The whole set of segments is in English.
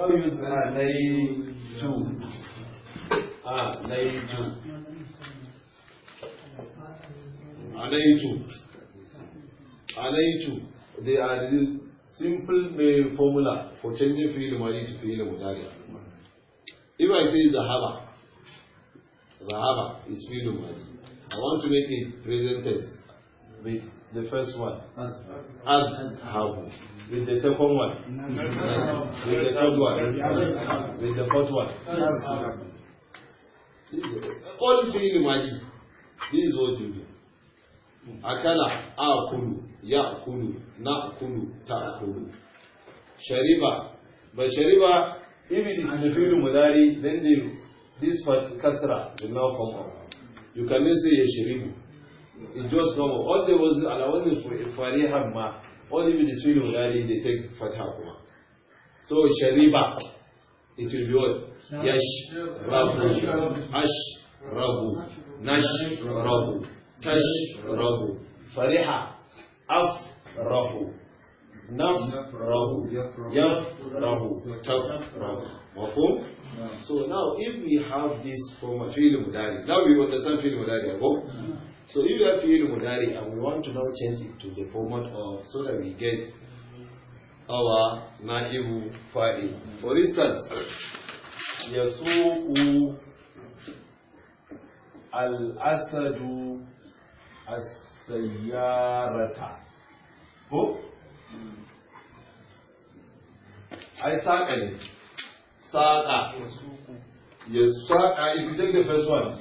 No use alaytu. Alaytu. Alaytu. Alaytu. They are the simple formula for changing field mali to of mudari. If I say zahaba, zahaba is fi'il mali. I want to make it present tense with the first one. Azhabu with the second one, with the third one, with the fourth one. All fi'il maji. This is what you do. Akala, akulu, ya'kulu, na'kulu, ta'kulu. Shariba. But shariba, if you fi'il mudari, then this part, kasra, will now come up. You cannot say yashribu. It just come up. All there was, Allah wasn't for, for ma. Only with the sweet Bukhari they take Fatha Kuma. So Shariba, it will be what? Yash, Rabu, Ash, Rabu, Nash, Rabu, Tash, Rabu, Fariha, Af, Rabu. Nafrahu. Yafrahu. Tafrahu. Mafum? So now, if we have this form of fi'il mudari, now we understand fi'il mudari, okay? So if we have fi'il mudari and we want to now change it to the format of, so that we get our na'ibu fa'il. For instance, yasuku al-asadu as-sayyarata. Oh? ai saƙa ne saƙa ya saƙa if you take the first one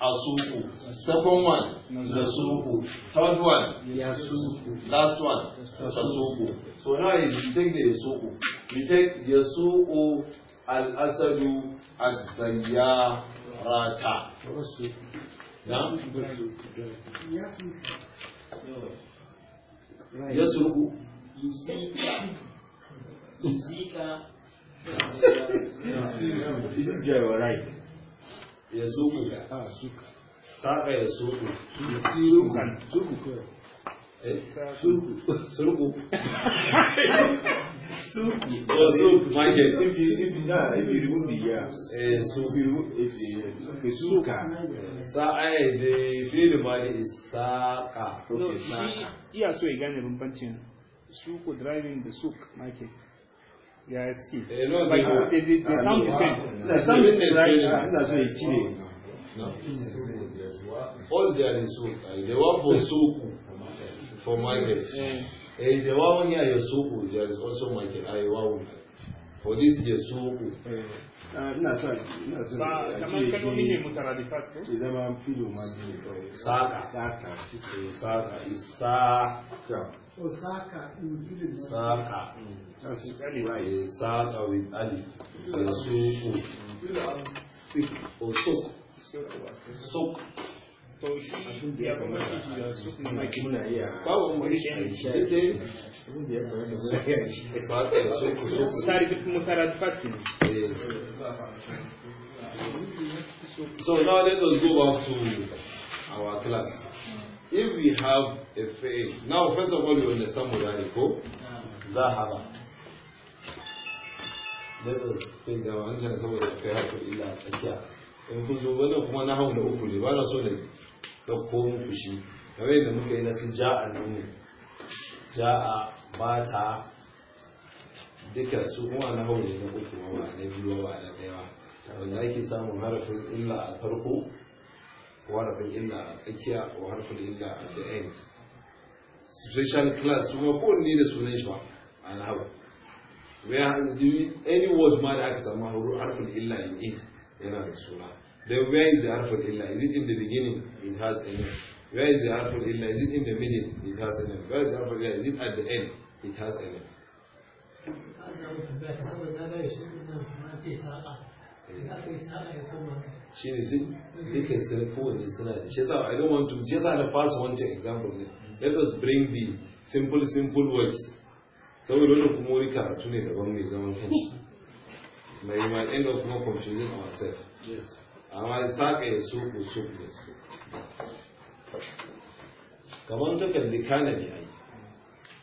a suku second one da suku third one ya suku last one na suku so now you take the suku you take ya suku al-asadu as zayyarata. ya ya surku This is your right. Ya suka. Ah, suka. Saka ya suku. Sukan. Suku. Suku. Suku. Eh? soup or soup market. If you if you if you remove the eh, so if you if you the eh, is no, so suku driving the souk market. Ya suke. Like they they sound the same. sound No. All there is souk. They for souk for market. There is a wawu near Yasuku, there is also like a wawu. For eh, this ah, Yasuku. Ina son, ina son. Ba, kamar kalmomi ne mutaralifat ko? Idan ma filo ma ne kawai. Eh, eh, Saka. Saka. Saka. Saka. Osaka in Saka. Saka with Ali. Yasuku. Osuk. Oh, Sok. Sok. So now let us go back to our class. If we have a face, now first of all, you understand Mudariko, Zahaba. Let us our answer what the fair to in kun zo wannan kuma na hau da uku ne ba na so da ɗauko muku shi kamar yadda muka yi na su a nan ja a ba ta duka su kuma na hau ne na uku ba na biyu ba na daya ba wanda ake samun harafin illa a farko ko harafin illa a tsakiya ko harafin illa a the end special class kuma kowanne da sunan shi ba a na hau where any word ma da aka samu Harfin illa in it then where is the harful illa is it in the beginning it has an end where is the harful illa is it in the middle it has an end where is the harful illa is it at the end it has an end shi ne dukkan sun kowane suna da She said I don't want to shi yasa na fasa one example let us bring the simple simple words saboda wannan kuma wani karatu ne daban mai zaman kanshi but you might end up more confusing ourselves. Yes. Amma saƙa ya suku suku da su. Kamar ta kalli kana ne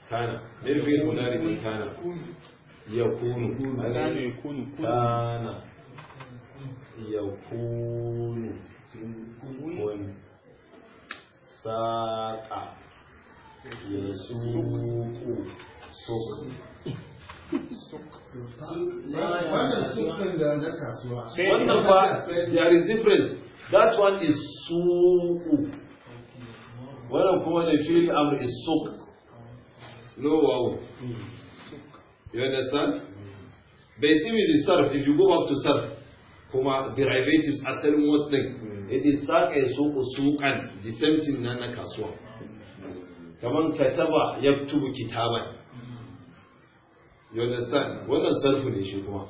kind of the mulari ne Ya kunu. Kana ya Kana. Ya kunu. Kunu. Saƙa. Ya suku suku. wannan suk da kasuwa wannan ba there is difference that one is suku wannan kuma da fili am is suk no wow you understand bai timi da sarf if you go back to sarf kuma derivatives asalin what thing it is saka ya suku sukan the same thing na na kasuwa kaman kataba yaktubu kitaban you understand wannan sarfu ne shi kuma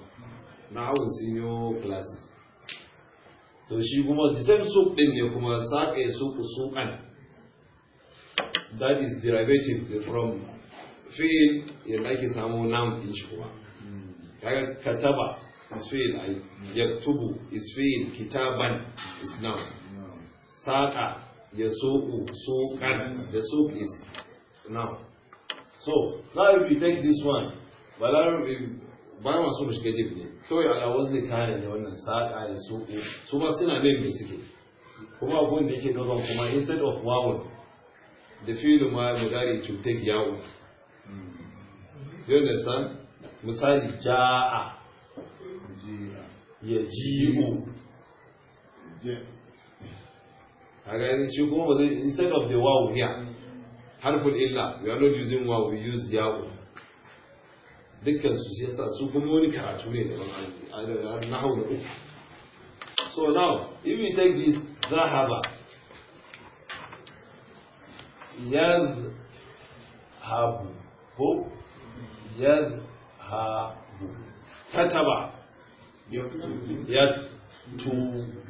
na awon senior classes So shi the same soup din ne kuma soup, soup and that is derivative from fi'il You like samu noun din shi kuma hmm. kaga kataba is fi'il ay yaktubu is fi'il kitaban is noun hmm. saƙa ya soup and the soup is noun so now if you take this one balarabe ba ma su mu shiga dib ne kawai ala wazni kare ne wannan saƙa da su su ba suna ne me suke kuma abun da yake dogon kuma instead of wawun da filin ma mudari to take yawo you san misali ja'a ya ji'u a gani shi kuma ba zai instead of the wawu ya harfin illa we are not using wawu we use yawu sai yasa su kuma wani karatu ne da na uku so now if we take this zahaba yadhhabu ko fataba, kataba tubu,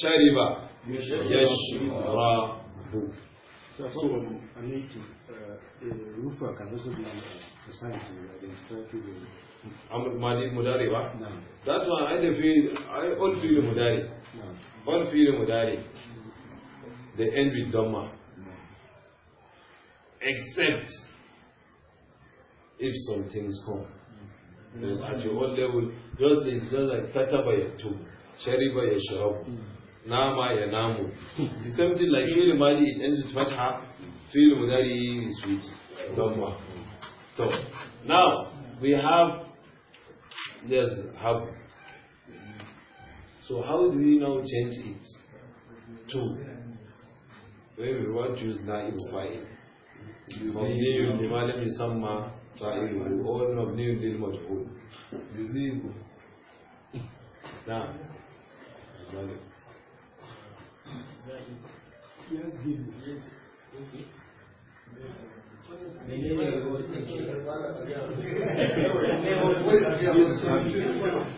shariba yashrabu so يوفق على حسب الساينس عمل مالي مداري واحد نعم ذات وان عندي في all فيل مداري نعم all فيل مداري they end with dhamma except if some things come then at your own level just it's just like kataba yaktubu shariba yashrabu nama yanamu the same thing like even the it ends with fatha fi'il So now we have yes, have. So how do we now change it to when we want to use na'ib fa'il? مبني لما لم يسمى فاعله أو مبني للمجهول يزيد نعم يزيد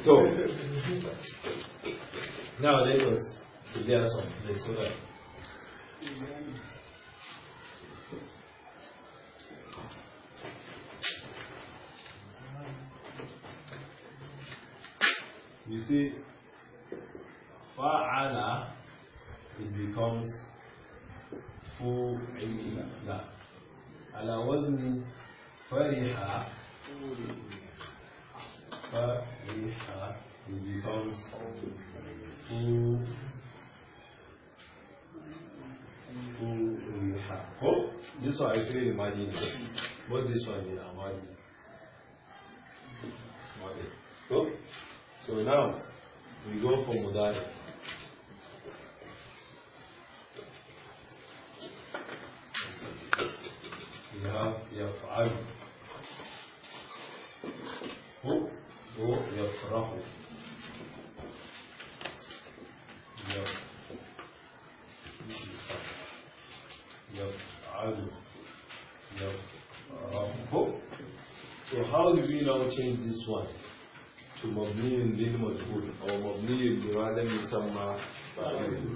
טוב. Nowadays, there are some places You see, fa'ala, it becomes fu'ila. على وزن فرحة فرحة it becomes full oh this one I feel imagine but this one is imagine okay. so now we go for Mudari يفعل هو هو يفرح يفعل يفرح So how do we now change this one to مبني للمجهول أو مبني لعالم يسمى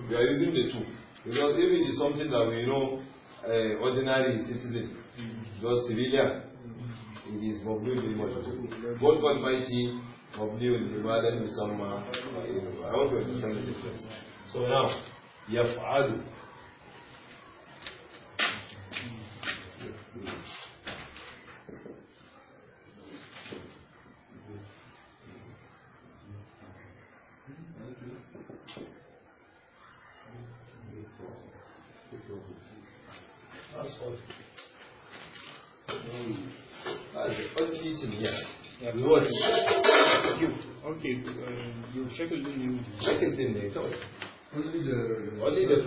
We are using the two because if it is something that we know uh, ordinary citizen just civilian. It is Mabdul bin Majid. God Almighty, Mabdul bin some, Musamma. Uh, I want to understand the difference. So now, يفعل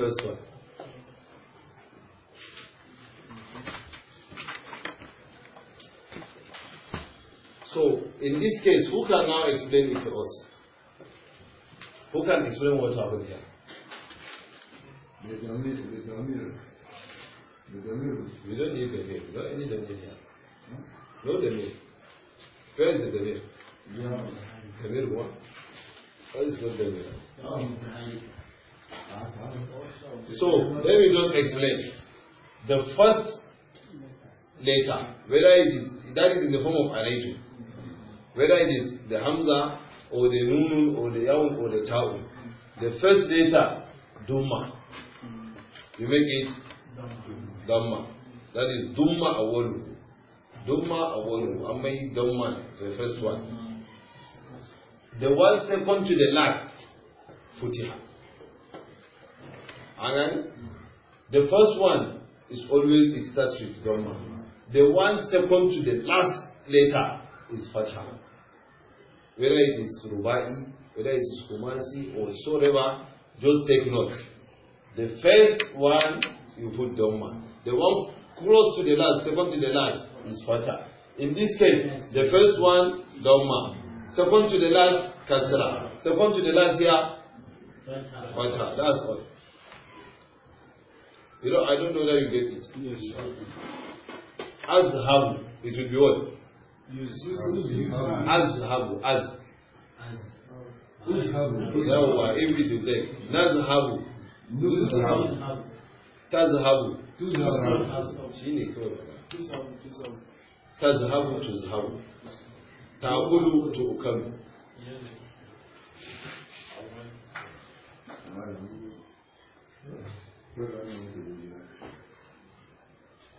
first one. So, in this case, who can now explain it to us? Who can explain what happened here? The Damir, the Damir. The Damir. We don't need the Damir. We don't need the Damir here. No Damir. Where is the Damir? Yeah. Damir what? What is the Damir? So, let me just explain. The first letter, whether it is, that is in the form of arrangement, whether it is the Hamza, or the Nun, or the Yaun, or the Taun, the first letter, Duma. You make it Dhamma. That is Duma Awalu. Duma Awalu. I made Dhamma, the first one. The one second to the last, Futiha. And the first one is always it starts with Dhamma. The one second to the last letter is Fatha. Whether it is Rubai, whether it is Kumasi or whatever, just take note. The first one you put Dhamma. The one close to the last, second to the last is Fatha. In this case, the first one, Dhamma. Second to the last, Kasra. Second to the last here, Fatha. That's all. You know, I don't know that you get it. Yes. have It will be what? As have Azhabu. Az. have If it is there. Nazhabu. Nuzhabu. Tazhabu. Tuzhabu. Shi ne kawai ba. Tazhabu tuzhabu. Ta'ulu tu'kamu. Thank you.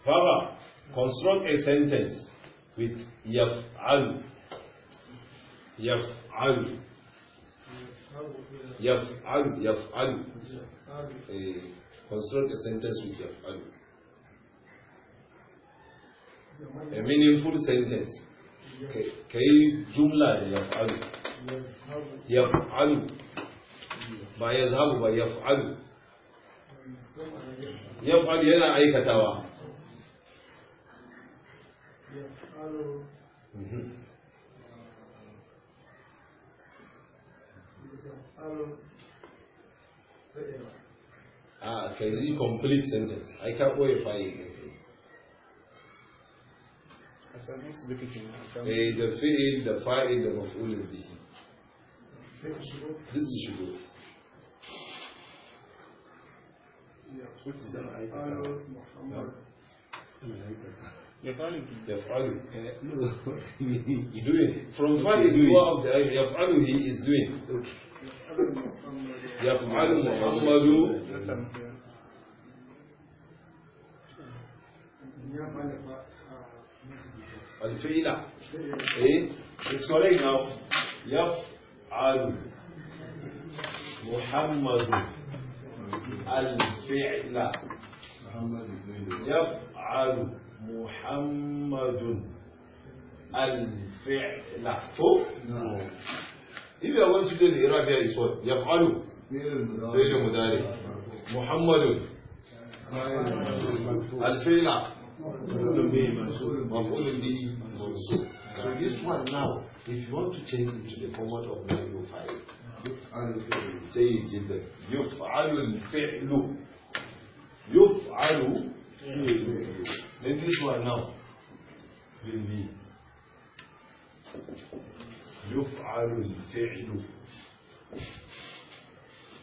Farah, construct a sentence with yaf'al. Yaf'al. Yaf'al. Yaf'al. Eh, construct a sentence with yaf'al. A meaningful sentence. Ka yi jumla da yaf'al. Yaf'al. Ba ya zahabu ba yaf'al. Yaf'al yana aikatawa. Mm-hmm. Ah, can you complete sentence? I can't wait for you. Hey, the fi'il, the fire, the all of This is shukr. Yeah. What is that? يفعله يفعله you do it from he is doing يفعل محمد الفعل ايه it's correct now يفعل محمد الفعل يفعل محمد الفعل نعم if you want to do the Arab here is what يفعل فعل مضارع محمد الفعل مفعول به so this one now if you want to change it to the format of 905 change it يفعل الفعل يفعل things who now will be يفعل الفعل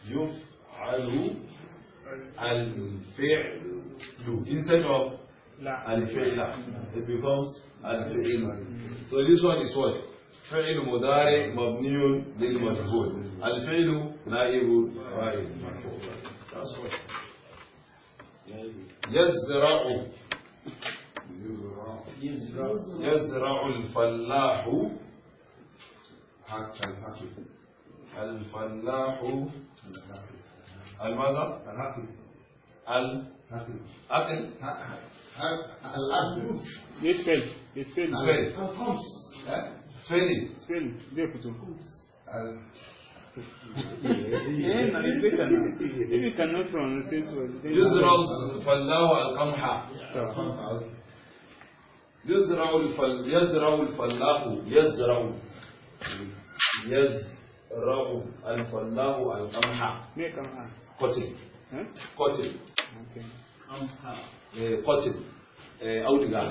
يفعل الفعل instead of الفعل it becomes الفعل so this one is what فعل مضارع مبني للمجهول الفعل نائب فاعل that's what يزرع يزرع الفلاح حتى الحقل الفلاح الماذا؟ الحقل الأكل أكل الأكل يسفل يسفل يسفل يسفل يسفل يسفل يسفل يسفل ايه نسبتا you cannot pronounce it يزرع الفلاح القمح يزرع الفل يزرع الفلاح يزرع يزرع الفلاح القمح ليه قمح قتل قتل قتل auduga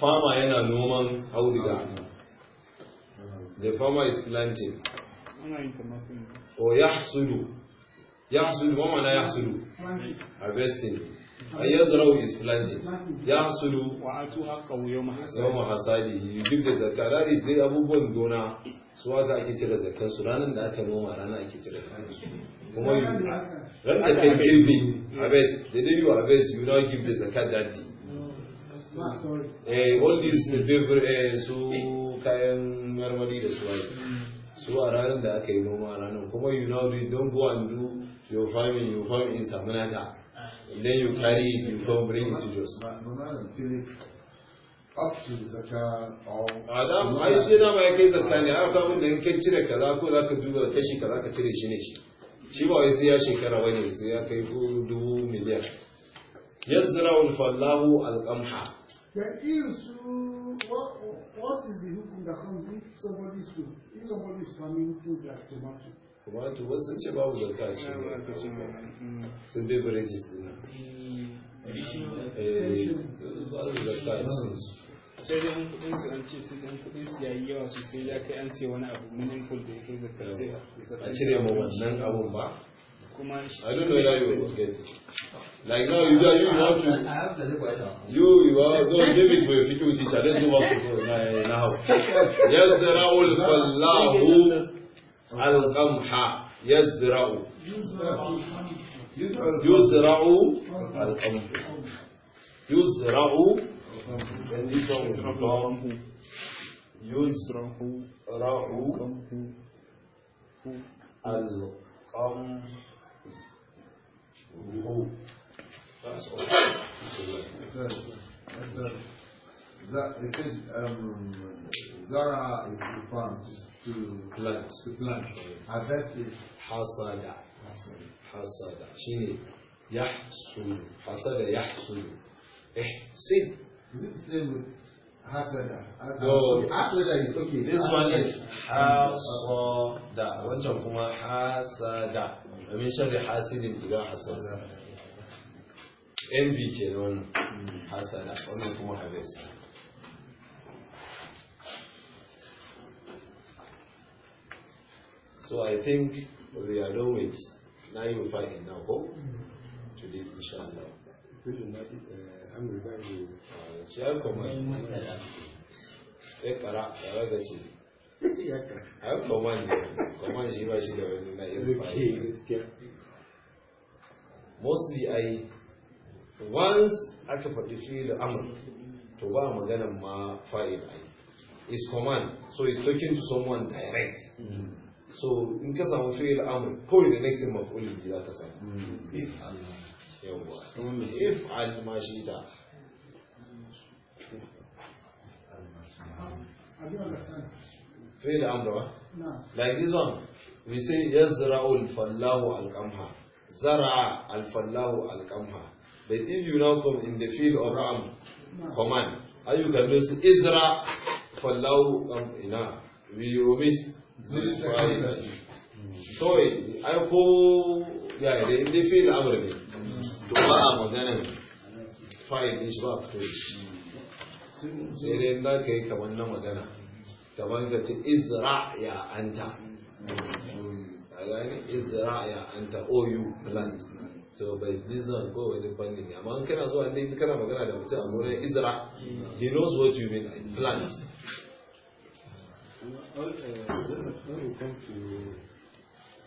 farmer yana noman auduga the farmer is planting Or yahsulu. Yahsulu, what mana yahsulu? Harvesting. Ayazra'u is planting. Yahsulu. yawma hasadihi. You give the zakah. That is dai abubuwan gona. Su haka ake cire zakar su ranar da aka noma rana ake cire zakar su. Kuma yi ran da kai girbi harvest. The day you harvest you now give the zakat that day. Eh, all these uh, eh, eh, so kayan marmari da su su a ranar da aka yi noma ranar kuma you now don go and do your farming your farming in samanata then you carry it you come bring it to jos up to zaka or oh. adam ai sai da mai kai zakka ne ka kawo da in kai cire kaza ko zaka duba kashi kaza ka cire shi ne shi shi ba wai sai ya shekara wani sai ya kai ko dubu miliyan yazra'u al-fallahu al-qamha da irin su What is the hukum that comes if somebody is food? If somebody is farming things like tomato. Tomato, wasu sun ce babu zarka a cikin nan. a cikin su. Sai kuɗin su yayi yawa ya kai wani da a cire ma wannan abun ba. I don't know whether you will get it. Like now, you, you want to. I have the question. You, you are. No, and give it to your future teacher. Let's move on to my now. يزرع الفلاح القمح يزرع يزرع القمح يزرع and this one will become al-Gamha. all, that's all. It um, Zara is the farm, just to plant. To plant. Harvest is hasada. Hasada. Shini yahsudu. Hasada yahsudu. Ihsid. Is it the same with no oh. this one is hasada wancan kuma hasada min sharri hasidin idza hasada envy ke wannan hasada wannan kuma harvest so i think we are done with 905 now go to the inshallah amur mostly I once aka faɗi fi'il amr to ba maganan ma fa'il is command so he's talking to someone direct mm. so in case I samu i amr kawai the next thing maf'ul bi the ka samu yawwa if'al ma shita Fail amra. Like this one, we say yazra'u al-fallahu al-qamha. Zara'a al-fallahu But if you now come in the field of am, command, how you can use izra fallahu qamha. We omit zilfa'ila. So, I go, yeah, they feel amra. to ba a maganar fa'il din shi ba sai dai za ka yi kamar na magana kamar ka ce izra ya anta a gani izra ya anta ou plant To by this one ko wani fannin ne amma kana zuwa inda kana magana da mutum a gurin izra he knows what you mean plant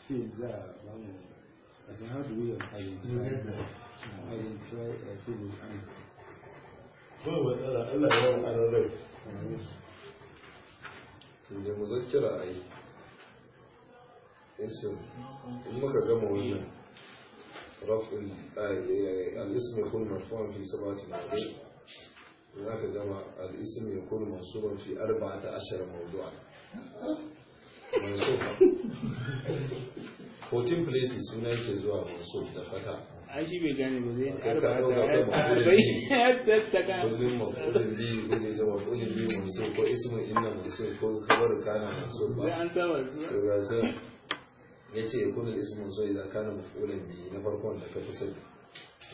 See that, as I have to identify that. da muzakkira a yi isim in muka gama wannan rafin al'ism ya kun marfuwan fi sabatin azai in aka gama al'ism ya kun mansuban fi arba ta ashirin mawdu'a mansuba 14 places suna yake zuwa masu da fata an shi bai gane ba zai karba da ko biyu masu ko ismu inna masu ko kabar kana masu ba an saba su ga su yace yakunu ismu so idan kana maf'ulan biyu na farkon da ka fi sani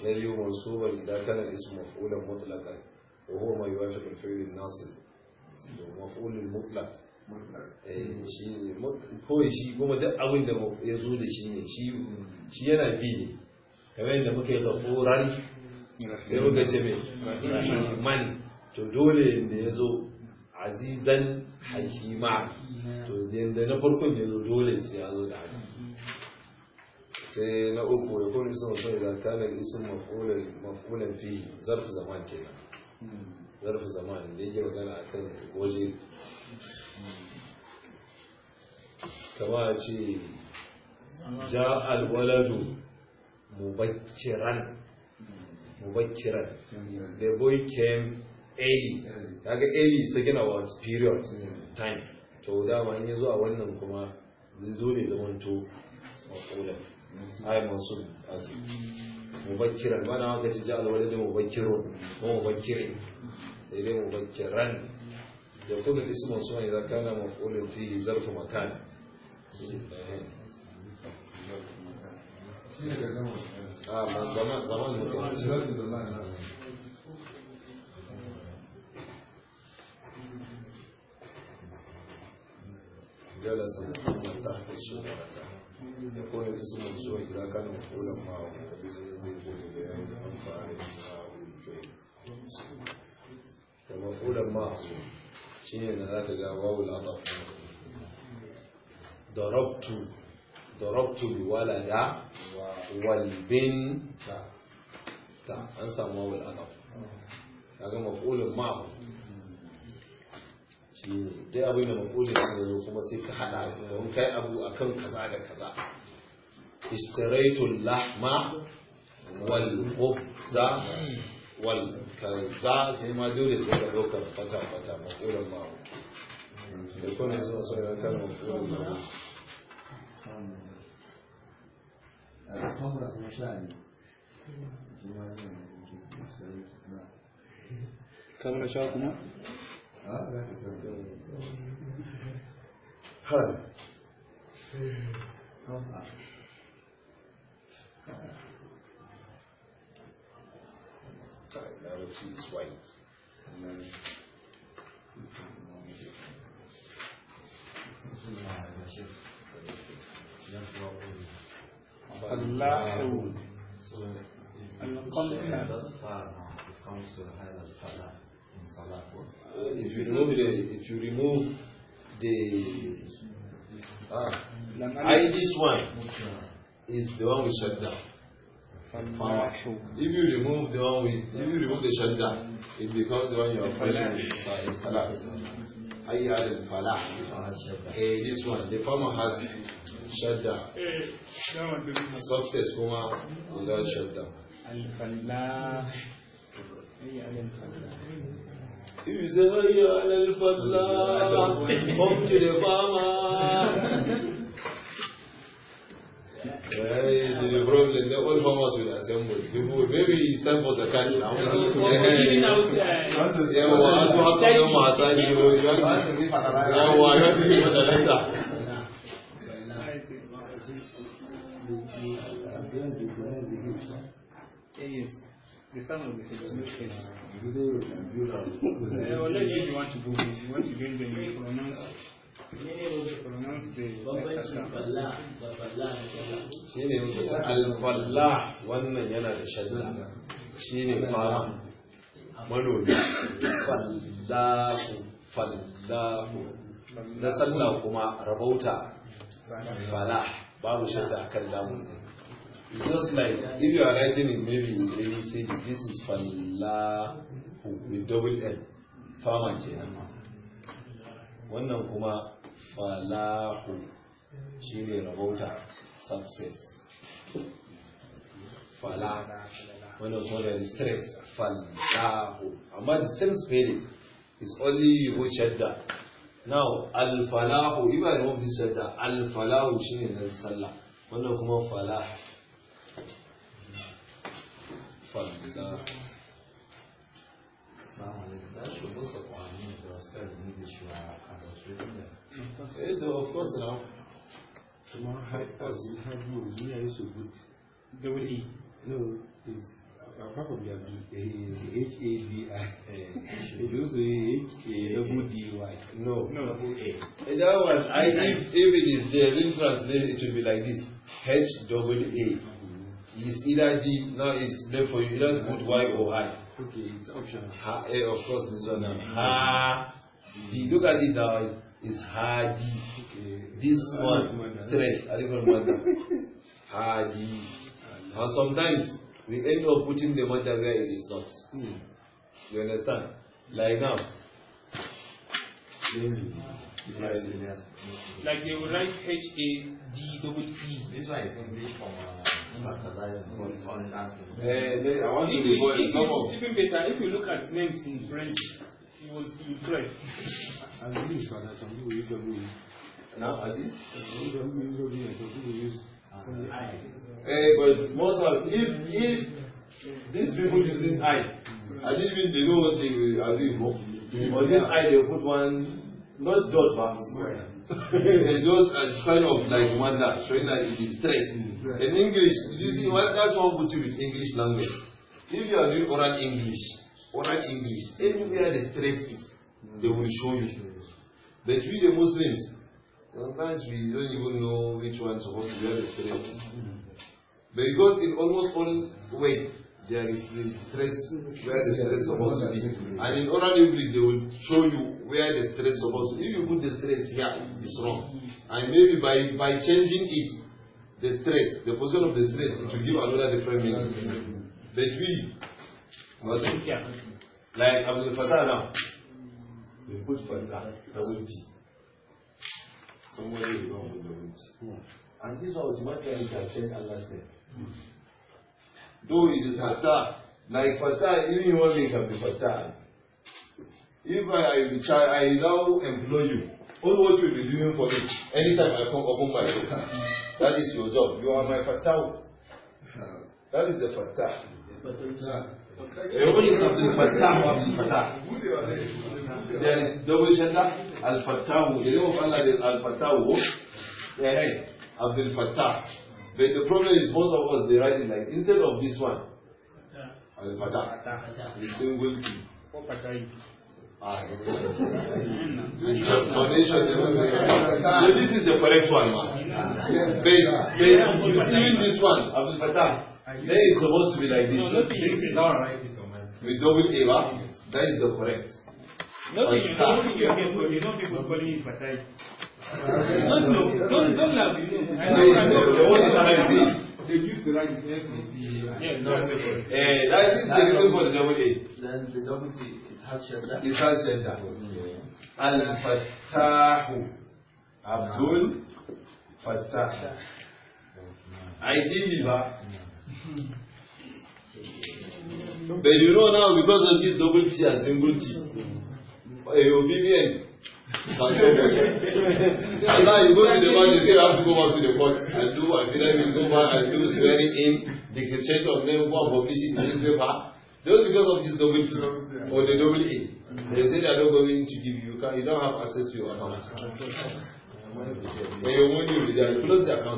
na biyu mansuban idan kana ismu maf'ulan mutlaqan wa huwa ma yuwafiqu al-fi'l an-nasib maf'ul al-mutlaq Eh, shi ne kawai shi kuma duk abin da ya zo da shi ne shi yana bi ne kamar yadda muka yi gafuran sai muka ce mai man to dole da ya zo azizan hakima to yadda na farkon ya zo dole sai ya zo da haka sai na uku ya kone sun wasu idan kanar isin mafulan fi zarfi zaman kenan zarfi zaman da yake magana akan waje kama ce ja alwaladu mubakkiran mubakkiran the boy came early daga early is talking about period time to dama in yazo a wannan kuma dole zamanto maƙulan ai masu azu Ba mana wanda ce ja alwaladu mubakkirun ko mubakkirin sai dai mubakkiran يكون الاسم منصوبا اذا كان مفعول fi ظرف makana اه زمان زمان زمان جلس محمد تحت الشجرة يكون الاسم الجوع إذا كان مفعولا معه بإذن يكون بيان أنفع معه الفعل ومفعولا معه شيء ذاك جاء واو العطف darabtu darabtu walada wal bin ta an samu wawul adaf kaga ma dai abin da maf'ulun ne zo kuma sai ka hada don kai abu akan kaza da kaza ishtaraitu lahma wal khubza wal kaza sai ma dole sai ka daukar fata fata maf'ulun ma da kuma yanzu a sauran kan maf'ulun الخمرة مشاري كم نشاطنا؟ هذا Now it is white. اللاحون If you remove the, if you remove the, ah, I this one is the one with shut If you remove the one with, if you remove the shutdown, it becomes the one you are following in Salah. Ayyad al-Falah. This one, eh, the former has shutdown. Success kuma without shutdown. Al-Fallah. إذا هي على الفلاح قم تلفاما Hey, the problem that all farmers will assemble. People, maybe it's time for zakat now. Yawa, an to haka yau masu ne, yawa, yawa, yawa, yawa, yawa, yawa, some of the you want to you want to the shi ne alfallah wannan yana da shadda shi ne fara manomi fallahu fallahu na sallah kuma rabauta falah babu shadda akan lamun It's just like if you are writing it maybe in ABC, this is Falla with double L. Fama kenan ma. Wannan kuma Falahu will ne rabauta success. Fala. you kuma da stress Falahu. Amma the same spelling It's only you shadda. Now, al-falahu, if I remove this shadda, al-falahu shi ne sell. When you come falah. فضلا of course now you no is it's also no no double A that was I if if it is there in translation it should be like this H double A it's either D, no, it's left for you. You good Y or I. Okay, it's optional. Ha, eh, of course, this one. Um, mm-hmm. Ha, D. Look at it now. It's Ha, This one, stress. I don't mother. Ha, D. And sometimes we end up putting the matter where it is not. Hmm. You understand? Like now. Like they will write H A D This one is English from. Uh, yeah, they, Even better, if you look at names in French, he was in French. Aziz, but some people use W. Now, Aziz? Some people use W and some people use I. but most of if if these people using I, I didn't they know what they are doing. But this I they put one not dot but square it goes a sign of like wonder, showing that it is stress. In English, you see, what, that's one good thing with English language. If you are doing oral English, oral English, everywhere the stress is, they will show you. But we, the Muslims, sometimes we don't even know which one supposed to be the stress. Mm-hmm. Because in almost all ways, there is the stress where the stress supposed to be. And in oral English, they will show you where the stress supposed to be. If you put the stress here, it's wrong. And maybe by, by changing it, the stress, the position of the stress, it will give another different meaning. But we, what? Like Abdul Fattah now, we put Fattah, Kawinti. Somebody will come with the wind. Hmm. And this one automatically can change another name. Hmm do is attack. Like Fatah, even human being can be Fatah. If I, child, I now employ you, all what you'll be doing for me, anytime I come open my door, that is your job. You are my Fatah. That is the Fatah. Everybody is Abdul Fatah or Abdul Fatah. There is double Shadda, Al Fatah. The name of Allah is Al Fatah. Abdul Fatah. The, the problem is most of us, they write it like, instead of this one, Al-Fatah, the single key. so this is the correct one, man. They, they, receiving this one, Abdul Fatah, then it's supposed to be like this. No, not With double EVA, That is the correct. No, you know people calling it Fatah. Don't know. Don't, don't laugh. You know. I know. I know. The one that I they use the right F with the yeah, no, no, Eh, that is the reason for the double A. Then the double T, it has shadda. It has shadda. Al Fattahu. Abdul Fattah. I deliver. But you know now because of this double T and single T, eh, your BBN and now you go to the bank, you say I have to go back to the court and do what? Then you go back and do swearing in, the dictation of name, one publishing newspaper. Just because of this double T or the double A, they say they are not going to give you, you don't have access to your account. When you money will they there, close the account.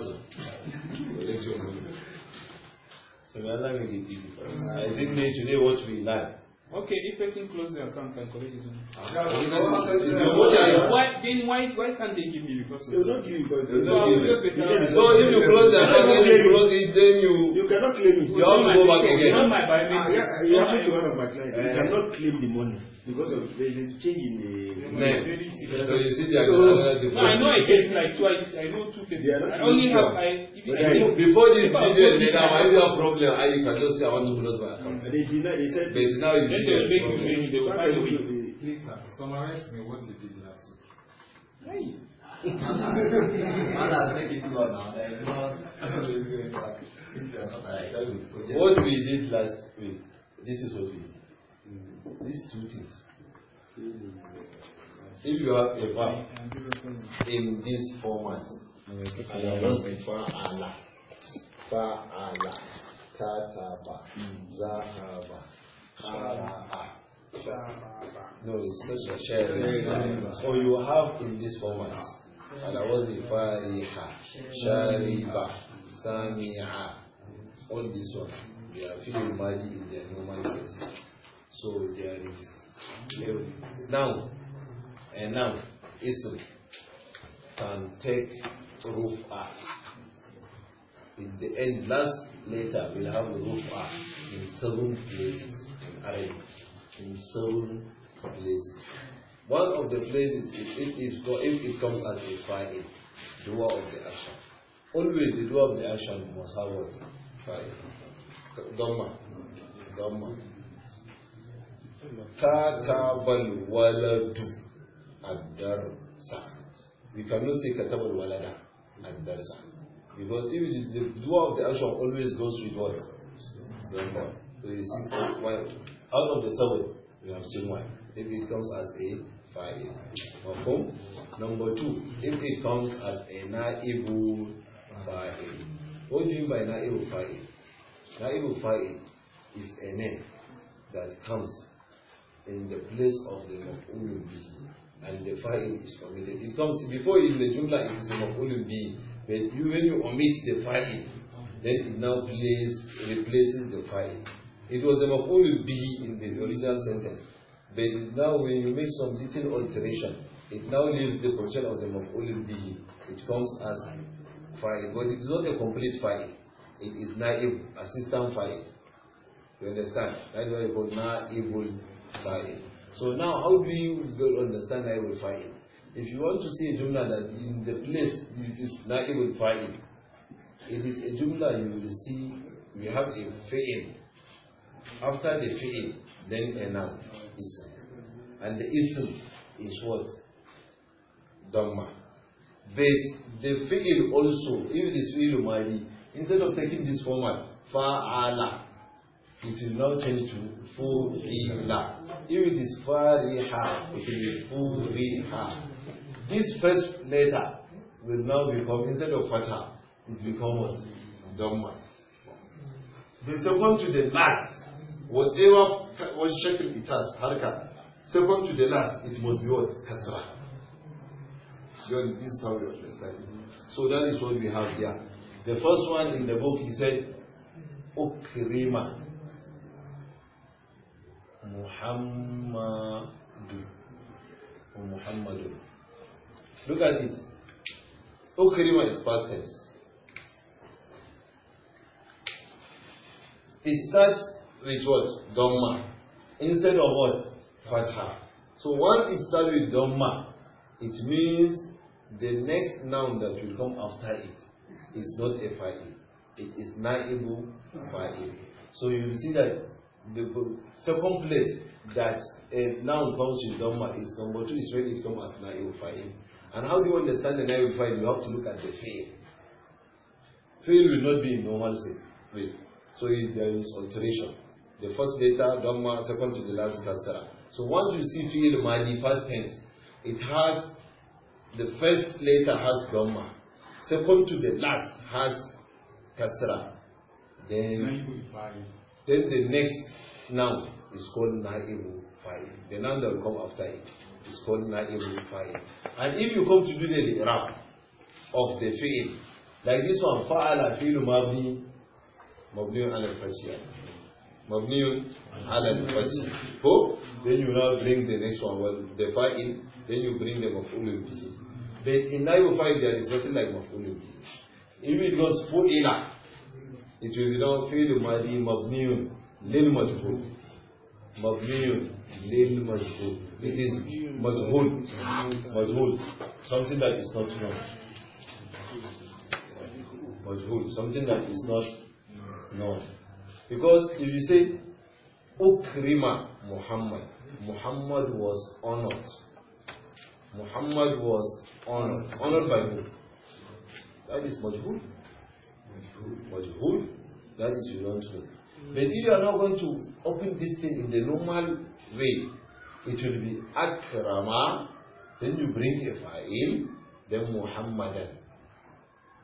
So may Allah make it easy for us. I think today what we learn Okay, if person close their account and collect his money. Why then why why can't they give me because of They'll not give you because of will So if you close the account and you close it, then you you cannot claim it. You have to go back again. You are not my You have to one of my clients. Ah, you eh. cannot claim the money because of there's a change in the name. So you see, there are no, I know I get like twice. I know two cases. I only have I. If I know, before this video, they now have a problem. I ah, you can just say I want to close my account. And They did not. They said. But now it's then they will make you pay. They will find a way. Please, sir, summarize me what you did last week. Hey. What we did last week. This is what we did. These two things. If you have a vow in this format, no, it's such a share. So you have in this format. months, shariba, sami'a, all these ones. They are feeling married in their normal places. So there is um, now and now Islam can take roof up. In the end, last letter will have roof up in seven places in In seven places. One of the places, if it, if, if it comes as a fa'il, door of the action. Always the door of the action must have what? Fa'il. Dhamma. Dhamma katabal waladu addarsa we cannot say katabal walada addarsa because if it is the door of the action always goes with what number so you see why out of the seven we have seen one if it comes as a fa'il number 2 if it comes as a naibu fa'il what do you mean by naibu fa'il naibu fa'il is a name that comes in the place of the maf'ulun B, and the fa'il is omitted. It comes before in the jumla it is maf'ulun B. but you, when you omit the fa'il then it now plays, replaces the fa'il. It was the maf'ulun B in the original sentence but now when you make some little alteration it now leaves the position of the maf'ulun B. It comes as fa'il but it is not a complete fa'il. It is a assistant fa'il. You understand? That's why you call na'ibul fa'il. So now how do you understand naibul fa'il? If you want to see a jumla that in the place it is naibul fa'il, it is a jumla you will see we have a fa'il. After the fa'il, then a noun, ism. And the ism is what? Dhamma. But the fa'il also, if it is fa'il mali, instead of taking this format, fa'ala, it will now change to fu'ila. If it is fariha, it will be furiha. This first letter will now become, instead of fatha, it becomes dhamma. The second to the last, whatever was shakil it has, harka, second to the last, it must be what? Kasra. Then this is how we understand it. So that is what we have here. The first one in the book, he said, Ukrima. Muhammad or Look at it. Ukrima is past tense. It starts with what? Dhamma. Instead of what? Fatha. So once it starts with Dhamma, it means the next noun that will come after it is not a fa'il. It is na'ibu fa'il. So you see that the second place that uh, comes with Dhamma is number two is when it comes as Na'il And how do you understand the Na'il You have to look at the fail. Fail will not be in normal Wait. So it, there is alteration. The first letter, Dhamma, second to the last, Kasara. So once you see fail, Mali, past tense, it has, the first letter has Dhamma. Second to the last has Kasara. Then, then the next now is called na'ibu fa'il. The noun that will come after it is called na'ibu fa'il. And if you come to do the i'rab of the fi'il, like this one, fa'ala fi'lu mabni mabniun ala al-fatiyah. Mabniun ala al-fatiyah. Go. Then you now bring the next one, well, the fa'il, then you bring the maf'ulun bihi. But in na'ibu fa'il there is nothing like maf'ulun bihi. If it goes fu'ila, it will be now fi'lu madi mabniun للمجهول مبني للمجهول it is مجهول مجهول something that is not known مجهول something that is not known because if you say أكرم Muhammad Muhammad was honored Muhammad was honored honored by who? that is مجهول مجهول that is you don't know but if you are not going to open this thing in the normal way, it will be akrama, then you bring a fa'il, then Muhammadan.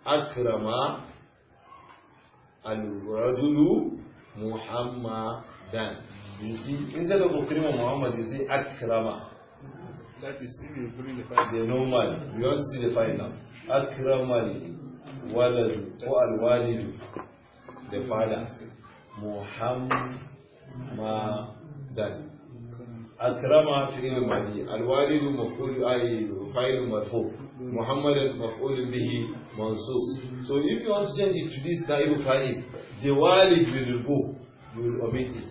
Akrama al-rajulu Muhammadan. You see, instead of Akrima Muhammad, you say Akrama. That is if you bring the final. The normal. You don't see the final. now. Akramali waladu or al-walidu. The father. محمد أكرم فعل ماضي الوالد مفعول أي فاعل مرفوع محمد مفعول به منصوب so if you want to change it to this نائب فاعل the والد will go you will omit it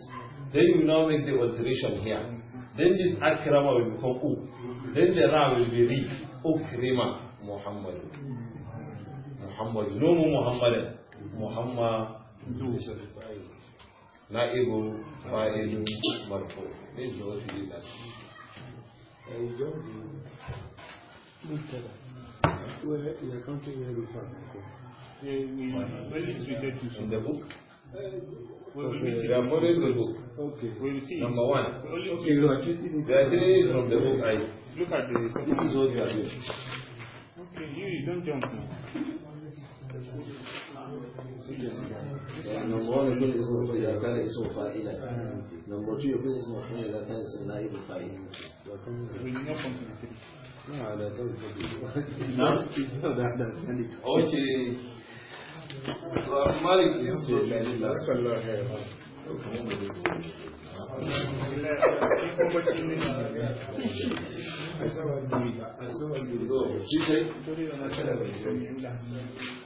then you now make the alteration here then this أكرم will become أو then the ra will be ri ukrima محمد محمد نوم more محمد محمد na'ibu fa'ilu marfu this is what we did last in the book we are following the book okay number one the three is from the book I look at the this is what we are doing okay you don't jump Number one, Number two, not not I saw saw